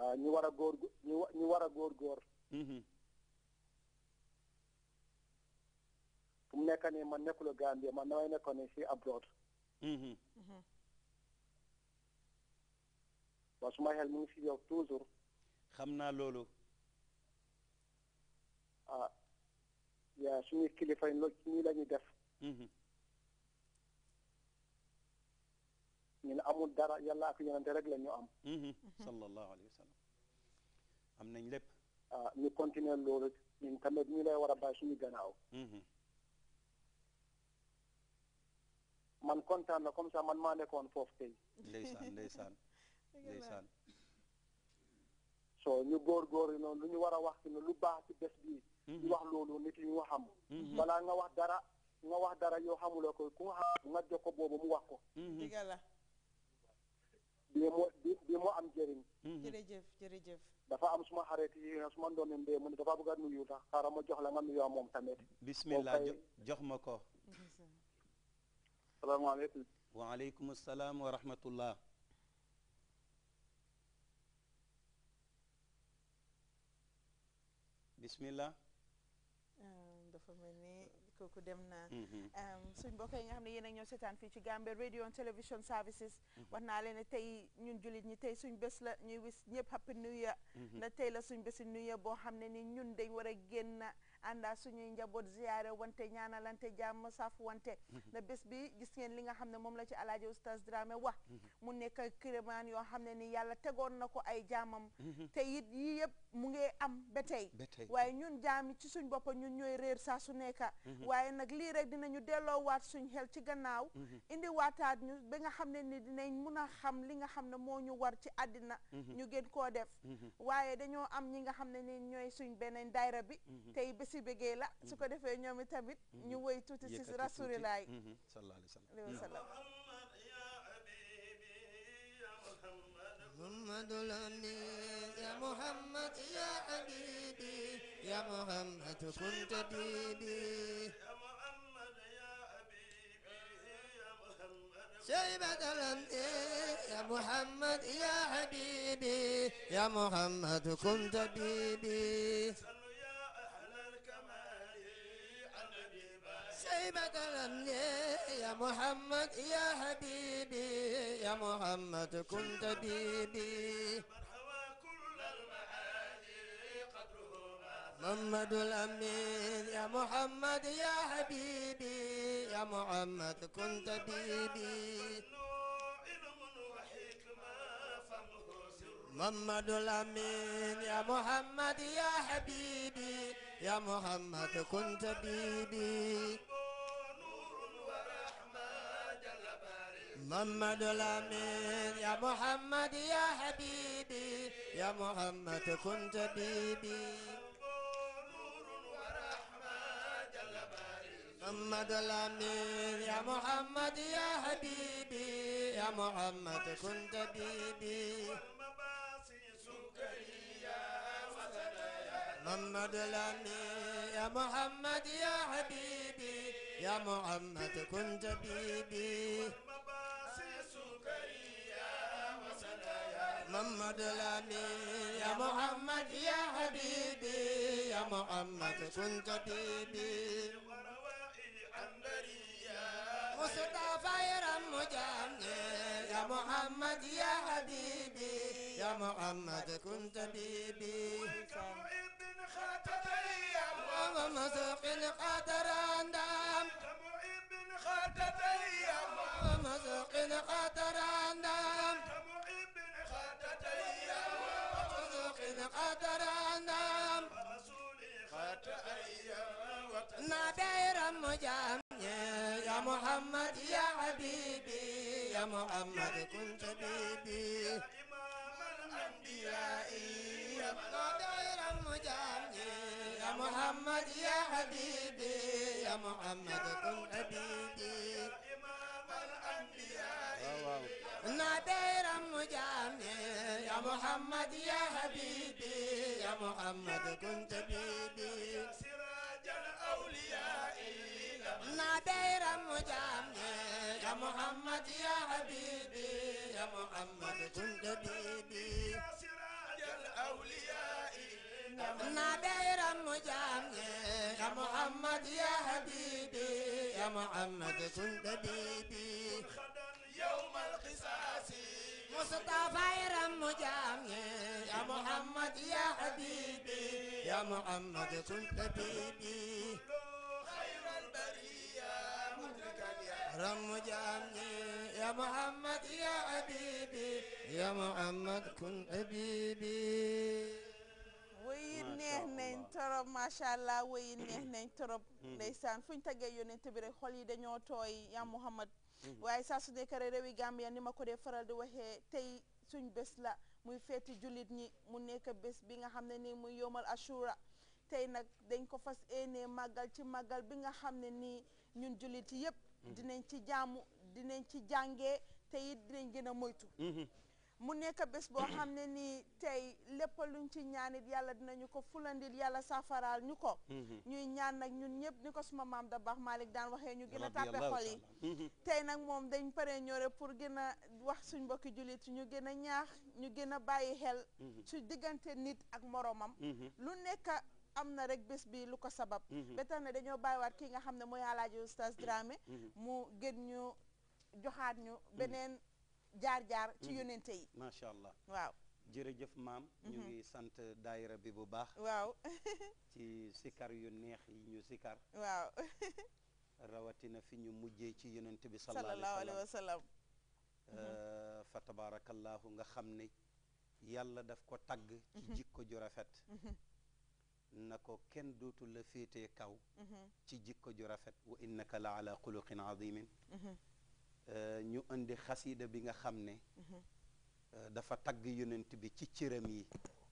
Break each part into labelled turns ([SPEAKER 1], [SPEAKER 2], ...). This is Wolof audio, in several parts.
[SPEAKER 1] Ah, ñu war a góor ñu ñu war a góor góor mm-hmm. fu mu nekk ni man nekkul Gambie man damay nekkoon ni si abroad
[SPEAKER 2] mm-hmm. Mm-hmm.
[SPEAKER 1] waaw suma xel mu ngi si yow toujours
[SPEAKER 2] xam naa loolu
[SPEAKER 1] ah yaa suñu kilifa yi lañuy def ñun amul dara yàlla ak yonente rek la ñu am sallallahu alayhi wa sallam am nañ lépp ah ñu continuer loolu ñun tamit ñu lay war a bàyyi suñu gannaaw man kontaan na comme ça man maa nekkoon foofu tey
[SPEAKER 2] ndeysaan ndeysaan ndeysaan
[SPEAKER 1] so ñu góorgóorlu noonu lu ñu war a wax ci lu baax ci bés bii ñu wax loolu nit ñu xam balaa nga wax dara nga wax dara yow xamuloo ko ku nga xam nga jox ko boobu mu wax ko Mm-hmm. jërëjëf jërëjëf dafa am suma xarit yi nga suma doon mbee mu ne ma jox la nga nuyoo moom tamit jox ma ko salaamaaleykum
[SPEAKER 2] waaleykum salaam wa rahmatullah bismillah
[SPEAKER 3] euh, mel ni kooku dem na mhm. suñ mbokk yi nga xam ne yéen a ñoo seetaan fii ci Gambia radio and television services mhm. wax naa leen ne tey ñun jullit ñi tey suñ bés la ñuy wis ñëpp happy new year mhm. na tey la suñ bési new year boo xam ne ni ñun dañ war a génn ànda suñuy njaboot ziyaare wante ñaanalante jàmm saaf wante na bés bi gis ngeen li nga xam ne moom la ci alaaji oustaz Dramé wax mu nekk kérémaan yoo xam ne ni yàlla tegoon na ko ay jaamam te yi yii mu ngi am ba tey waaye nag lii rek dinañu delloo waat suñ xel ci gannaaw mm-hmm. indi waataat ñu ba nga xam ne ni dinañ mun a xam li nga xam ne moo ñu war ci àddina mm-hmm. ñu gën koo def mm-hmm. waaye dañoo am ñi nga xam ne ni ñooy suñ beneen daayra bi tey bési bégee la su ko defee ñoom i tamit ñu woy tuuti si rasulilaay
[SPEAKER 2] sallallahu alayhi wa sallam
[SPEAKER 3] محمد
[SPEAKER 4] الأمين يا محمد يا حبيبي يا محمد كنت حبيبي شيبة الأنبياء يا محمد يا حبيبي يا محمد كن طبيبي يا محمد يا حبيبي يا محمد كن طبيبي محمد الأمين يا محمد يا حبيبي يا محمد كن طبيبي محمد الأمين يا محمد يا حبيبي يا محمد كن طبيبي محمد الأمين يا محمد يا حبيبي يا محمد كن طبيبي محمد الأمين يا محمد يا حبيبي يا محمد كن طبيبي محمد الأمين يا محمد يا حبيبي يا محمد كن طبيبي محمد الأمين يا محمد يا حبيبي يا محمد كن طبيبي مصطفى يرم جامني يا محمد يا حبيبي يا محمد كن طبيبي ومسوق قدر اندام ومسوق قدر اندام ومسوق قدر اندام رسولي خاتم ايام sunu jaam ya muhammad ya habibi ya muhammad kun tabibi أنا دايرا مجامع يا محمد يا حبيبي يا محمد كن دبيبي يا سراج الأولياء أنا دايرا مجامع يا محمد يا حبيبي يا محمد كن دبيبي يوم القصاص مصطفى رم جامع يا محمد يا حبيبي يا محمد كن حبيبي رم
[SPEAKER 3] جامي
[SPEAKER 4] يا محمد
[SPEAKER 3] يا حبيبي
[SPEAKER 4] يا محمد كن حبيبي
[SPEAKER 3] wéy mm-hmm. neex nañ torop macha mm-hmm. allah wéy neex nañ torop ndeysaan fu ñu taggee yónent bi rek xol yi dañoo tooy yaa mm-hmm. Muhammad waaye saa su nekk rek réewi Gambia ni ma ko dee faral di waxee tey suñ bés la muy feeti jullit ñi mu nekk bés bi nga xam ne ni muy yomal ashura tey nag dañ ko fas éenee màggal ci màggal bi nga xam ne nii ñun jullit yépp Mm-hmm. dinañ ci jaamu dinañ ci jànge te it dinañ gën a moytu mm-hmm. mu nekk bés boo xam ne nii tey lépp luñ ci ñaanit yàlla dinañu ko fulandil yàlla safaraal ñu ko mm-hmm. ñuy ñaan nag ñun ñëpp ni ko suma maam da baax Malick daan waxee ñu gën a tàppe xol yi tey nag moom dañ pare ñore pour gën a wax suñ mbokki jullit ñu gën a ñaax ñu gën a bàyyi xel su diggante nit ak moroomam lu nekk am na rek bés bi lu ko sabab mhm. ba na dañoo bàyyiwaat kii nga xam ne mooy alaaji oustaz mhm. Dramé mhm. mu gën ñu joxaat ñu beneen jaar-jaar ci yónente yi
[SPEAKER 2] macha allah waaw jërëjëf maam ñu ngi sant dayra bi bu baax
[SPEAKER 3] waaw
[SPEAKER 2] ci sikar yu neex yi ñu sikar waaw rawatina fi ñu mujjee ci yonent bi sallallahu alayhi wa sallam euh, fa tabarakallahu nga xam ni yàlla daf ko tagg ci jikko ju rafet na ko kenn dootul la féetee kaw mhm. ci jikko ju rafet wa innaka la ala xuluqin azimin mhm. euh, ñu indi xasiida bi nga xam ne mhm. euh, dafa tagg yonent bi ci cëram yi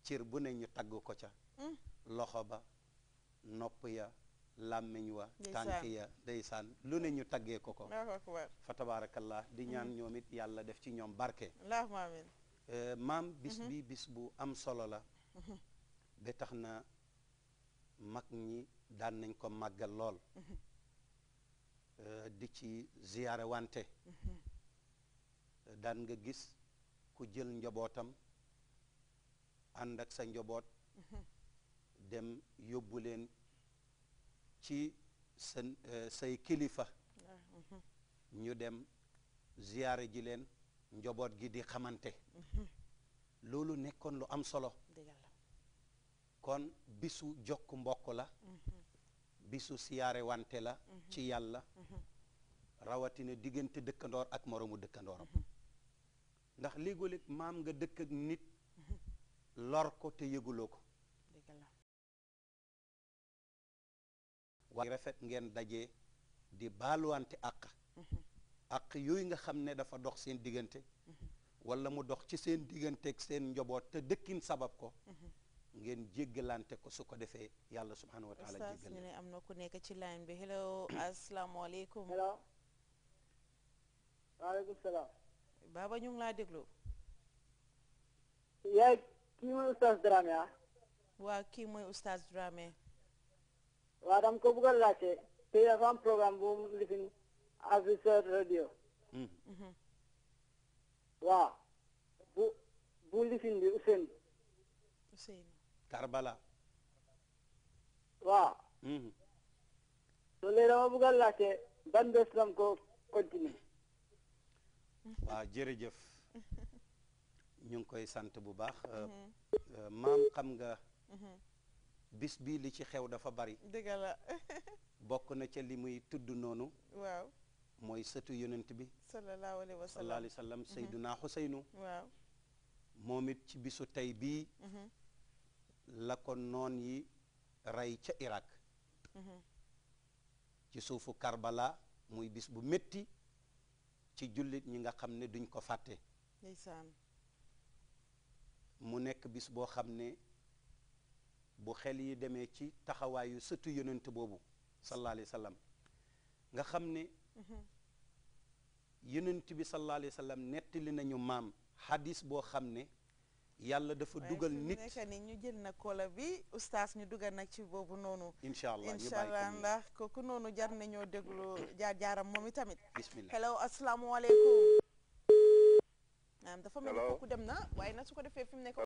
[SPEAKER 2] cër bu ne ñu tagg ko ca mm. loxo ba nopp ya làmmiñ wa tànk ya ndeysaan lu ne ñu taggee ko ko fa tabaarakallah di mm-hmm. ñaan ñoom it yàlla def ci ñoom barke euh, maam bis mm-hmm. bi bis bu am solo la mm-hmm. ba tax na mag ñi daan nañ ko màggal lool mm-hmm. euh, di ci ziyaare wante mm-hmm. daan nga gis ku jël njobootam ànd ak sa njoboot mm-hmm. dem yóbbu leen ci sa euh, say kilifa ñu dem ziyaare ji leen njoboot gi di xamante loolu nekkoon lu am solo kon bisu jokk mbokk la mm-hmm. bisu siyaare wante la mm-hmm. ci yàlla mm-hmm. rawatina diggante dëkkandoor ak moroomu dëkkandooram ndax léegoo-léeg maam nga dëkk ak nit lor ko te yëguloo ko waaye rafet ngeen daje di baaluwante àq àq yooy nga xam ne dafa dox seen diggante wala mu dox ci seen diggante ak seen njoboot te dëkkin sabab ko ngeen jéggalante ko su ko defee yàlla subhanahu wa taala jéggal ñu
[SPEAKER 3] am na ku nekk ci line bi hello asalaamaaleykum hello waaleykum salaam baaba ñu ngi laa déglu yaay kii mooy oustaz Dramé ah waaw kii mooy oustaz Dramé
[SPEAKER 1] ko bëgg a laajte te programme bu lifin Africa radio hmm. mhm. waaw bu lifin bi Ousseynou Karbala. waaw. Hmm. so dama bëgg a laajte ban bés la ko continuer.
[SPEAKER 2] jërëjëf ñu ngi koy sant bu baax. Mhm. Euh, euh, maam xam nga. Mhm. bis bii li ci xew dafa bari. dëgg bokk na ca li muy tudd noonu. waaw mooy sëtu yonent bi.
[SPEAKER 3] sallallahu alayhi wa sallam sallallahu alayhi wa
[SPEAKER 2] sallam mhm. Seyduna ci bisu tey bii. la ko noon yi rey ca Irak mhm. ci suufu Karbala muy bis bu métti ci jullit ñi nga xam ne duñ ko fàtte ndeysaan mu nekk bis boo xam ne bu xel yi demee ci taxawaayu sëtu yonent boobu sallallahu alayhi nga xam ne mhm. yënant bi sallallahu alayhi wa sallam nettali nañu maam xadis boo xam ne yàlla dafa dugal nit
[SPEAKER 3] ni ñu jël na kola bi oustaz ñu dugal nag ci boobu noonu
[SPEAKER 2] incha allah incha allah ndax
[SPEAKER 3] kooku noonu jar nañoo déglu jaar jaaram moom itamit bismillah hello asalaamaaleykum naam dafa mel kooku dem na waaye nag su ko defee fi mu nekk